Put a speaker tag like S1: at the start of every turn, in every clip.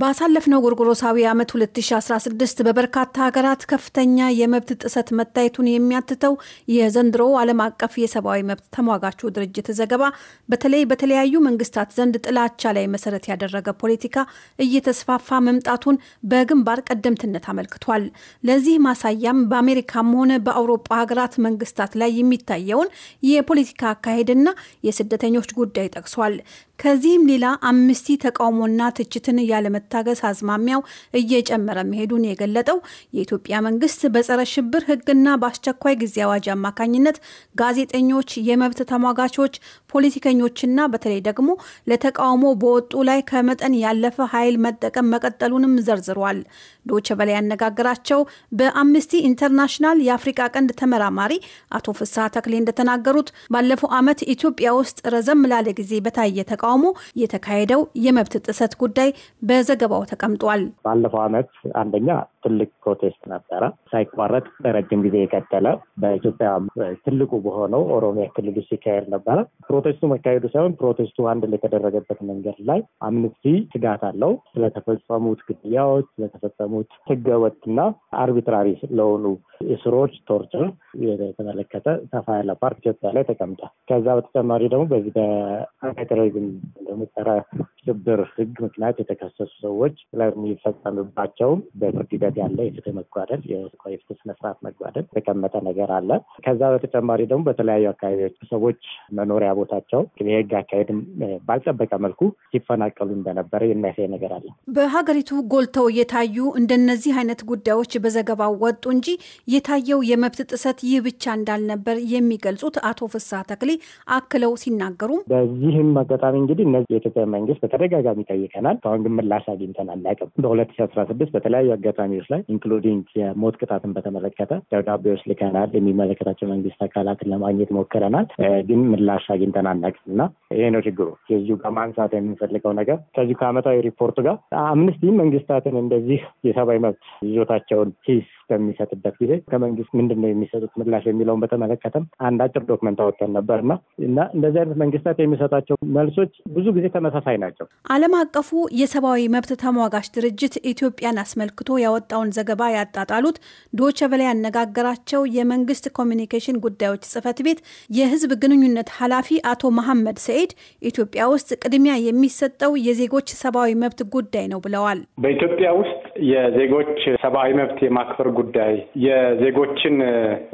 S1: ባሳለፍነው ጎርጎሮሳዊ ዓመት 2016 በበርካታ ሀገራት ከፍተኛ የመብት ጥሰት መታየቱን የሚያትተው የዘንድሮ ዓለም አቀፍ የሰብአዊ መብት ተሟጋቹ ድርጅት ዘገባ በተለይ በተለያዩ መንግስታት ዘንድ ጥላቻ ላይ መሰረት ያደረገ ፖለቲካ እየተስፋፋ መምጣቱን በግንባር ቀደምትነት አመልክቷል። ለዚህ ማሳያም በአሜሪካም ሆነ በአውሮፓ ሀገራት መንግስታት ላይ የሚታየውን የፖለቲካ አካሄድና የስደተኞች ጉዳይ ጠቅሷል። ከዚህም ሌላ አምስቲ ተቃውሞና ትችትን ያለመ የመታገስ አዝማሚያው እየጨመረ መሄዱን የገለጠው የኢትዮጵያ መንግስት በጸረ ሽብር ህግና በአስቸኳይ ጊዜ አዋጅ አማካኝነት ጋዜጠኞች፣ የመብት ተሟጋቾች፣ ፖለቲከኞችና በተለይ ደግሞ ለተቃውሞ በወጡ ላይ ከመጠን ያለፈ ኃይል መጠቀም መቀጠሉንም ዘርዝሯል። ዶቼ ቬለ ያነጋገራቸው በአምነስቲ ኢንተርናሽናል የአፍሪቃ ቀንድ ተመራማሪ አቶ ፍስሐ ተክሌ እንደተናገሩት ባለፈው ዓመት ኢትዮጵያ ውስጥ ረዘም ላለ ጊዜ በታየ ተቃውሞ የተካሄደው የመብት ጥሰት ጉዳይ በዘ በዘገባው ተቀምጧል።
S2: ባለፈው ዓመት አንደኛ ትልቅ ፕሮቴስት ነበረ፣ ሳይቋረጥ ለረጅም ጊዜ የቀጠለ በኢትዮጵያ ትልቁ በሆነው ኦሮሚያ ክልል ሲካሄድ ነበረ። ፕሮቴስቱ መካሄዱ ሳይሆን ፕሮቴስቱ አንድ ላይ የተደረገበት መንገድ ላይ አምነስቲ ስጋት አለው ስለተፈጸሙት ግድያዎች፣ ስለተፈጸሙት ህገወጥና አርቢትራሪ ለሆኑ እስሮች፣ ቶርቸር የተመለከተ ሰፋ ያለ ፓርት ኢትዮጵያ ላይ ተቀምጧል። ከዛ በተጨማሪ ደግሞ በዚህ በአንቲቴሮሪዝም ደግሞ ጸረ ሽብር ህግ ምክንያት የተከሰሱ ሰዎች ስለሚፈጸምባቸው በፍርድ ሂደት ያለ የፍትህ መጓደል የፍትህ ስነስርዓት መጓደል የተቀመጠ ነገር አለ። ከዛ በተጨማሪ ደግሞ በተለያዩ አካባቢዎች ሰዎች መኖሪያ ቦታቸው የህግ አካሄድም ባልጠበቀ መልኩ ሲፈናቀሉ እንደነበረ የሚያሳይ ነገር አለ።
S1: በሀገሪቱ ጎልተው የታዩ እንደነዚህ አይነት ጉዳዮች በዘገባው ወጡ እንጂ የታየው የመብት ጥሰት ይህ ብቻ እንዳልነበር የሚገልጹት አቶ ፍሳ ተክሌ አክለው ሲናገሩ
S2: በዚህም አጋጣሚ እንግዲህ እነዚህ የኢትዮጵያ መንግስት በተደጋጋሚ ጠይቀናል። አሁን ግን ምላሽ አግኝተን አናውቅም። በሁለት ሺ አስራ ስድስት በተለያዩ አጋጣሚዎች ላይ ኢንክሉዲንግ የሞት ቅጣትን በተመለከተ ደብዳቤዎች ልከናል። የሚመለከታቸው መንግስት አካላትን ለማግኘት ሞክረናል፣ ግን ምላሽ አግኝተን አናውቅም እና ይሄ ነው ችግሩ። የዚሁ ጋር ማንሳት የምንፈልገው ነገር ከዚሁ ከአመታዊ ሪፖርቱ ጋር አምነስቲ መንግስታትን እንደዚህ የሰብአዊ መብት ይዞታቸውን ሂስ በሚሰጥበት ጊዜ ከመንግስት ምንድን ነው የሚሰጡት ምላሽ የሚለውን በተመለከተም አንድ አጭር ዶክመንት አወጥተን ነበርና እና እንደዚህ አይነት መንግስታት የሚሰጣቸው መልሶች ብዙ ጊዜ ተመሳሳይ ናቸው።
S1: ዓለም አቀፉ የሰብአዊ መብት ተሟጋች ድርጅት ኢትዮጵያን አስመልክቶ ያወጣውን ዘገባ ያጣጣሉት ዶቼ ቬለ ያነጋገራቸው የመንግስት ኮሚኒኬሽን ጉዳዮች ጽህፈት ቤት የህዝብ ግንኙነት ኃላፊ አቶ መሐመድ ሰኢድ ኢትዮጵያ ውስጥ ቅድሚያ የሚሰጠው የዜጎች ሰብአዊ መብት ጉዳይ ነው ብለዋል።
S3: በኢትዮጵያ ውስጥ የዜጎች ሰብአዊ መብት የማክበር ጉዳይ፣ የዜጎችን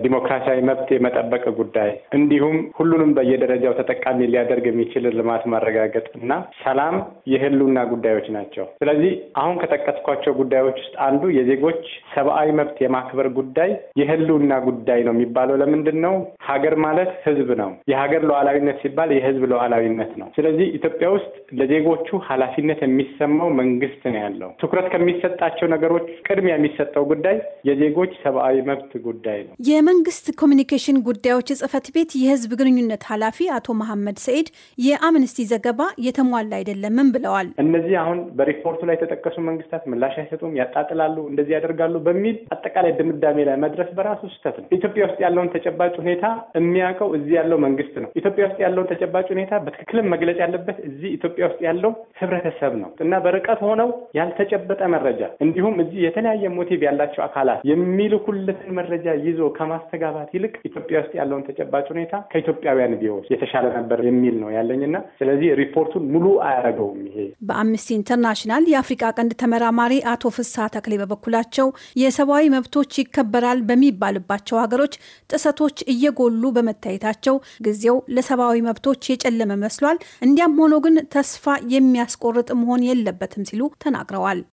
S3: ዲሞክራሲያዊ መብት የመጠበቅ ጉዳይ እንዲሁም ሁሉንም በየደረጃው ተጠቃሚ ሊያደርግ የሚችል ልማት ማረጋገጥ እና ሰላም የህልውና ጉዳዮች ናቸው። ስለዚህ አሁን ከጠቀስኳቸው ጉዳዮች ውስጥ አንዱ የዜጎች ሰብአዊ መብት የማክበር ጉዳይ የህልውና ጉዳይ ነው የሚባለው ለምንድን ነው? ሀገር ማለት ህዝብ ነው። የሀገር ሉዓላዊነት ሲባል የህዝብ ሉዓላዊነት ነው። ስለዚህ ኢትዮጵያ ውስጥ ለዜጎቹ ኃላፊነት የሚሰማው መንግስት ነው ያለው ትኩረት ከሚሰጣ ከምንላቸው ነገሮች ቅድሚያ የሚሰጠው ጉዳይ የዜጎች ሰብአዊ መብት ጉዳይ ነው።
S1: የመንግስት ኮሚኒኬሽን ጉዳዮች ጽህፈት ቤት የህዝብ ግንኙነት ኃላፊ አቶ መሐመድ ሰኢድ የአምነስቲ ዘገባ የተሟላ አይደለምም ብለዋል።
S3: እነዚህ አሁን በሪፖርቱ ላይ የተጠቀሱ መንግስታት ምላሽ አይሰጡም፣ ያጣጥላሉ፣ እንደዚህ ያደርጋሉ በሚል አጠቃላይ ድምዳሜ ላይ መድረስ በራሱ ስህተት ነው። ኢትዮጵያ ውስጥ ያለውን ተጨባጭ ሁኔታ የሚያውቀው እዚህ ያለው መንግስት ነው። ኢትዮጵያ ውስጥ ያለውን ተጨባጭ ሁኔታ በትክክልም መግለጽ ያለበት እዚህ ኢትዮጵያ ውስጥ ያለው ህብረተሰብ ነው እና በርቀት ሆነው ያልተጨበጠ መረጃ እንዲሁም እዚህ የተለያየ ሞቲቭ ያላቸው አካላት የሚልኩለትን መረጃ ይዞ ከማስተጋባት ይልቅ ኢትዮጵያ ውስጥ ያለውን ተጨባጭ ሁኔታ ከኢትዮጵያውያን ቢሆን የተሻለ ነበር የሚል ነው ያለኝና ስለዚህ ሪፖርቱን ሙሉ አያረገውም። ይሄ
S1: በአምነስቲ ኢንተርናሽናል የአፍሪቃ ቀንድ ተመራማሪ አቶ ፍስሐ ተክሌ በበኩላቸው የሰብአዊ መብቶች ይከበራል በሚባልባቸው ሀገሮች ጥሰቶች እየጎሉ በመታየታቸው ጊዜው ለሰብአዊ መብቶች የጨለመ መስሏል። እንዲያም ሆኖ ግን ተስፋ የሚያስቆርጥ መሆን የለበትም ሲሉ ተናግረዋል።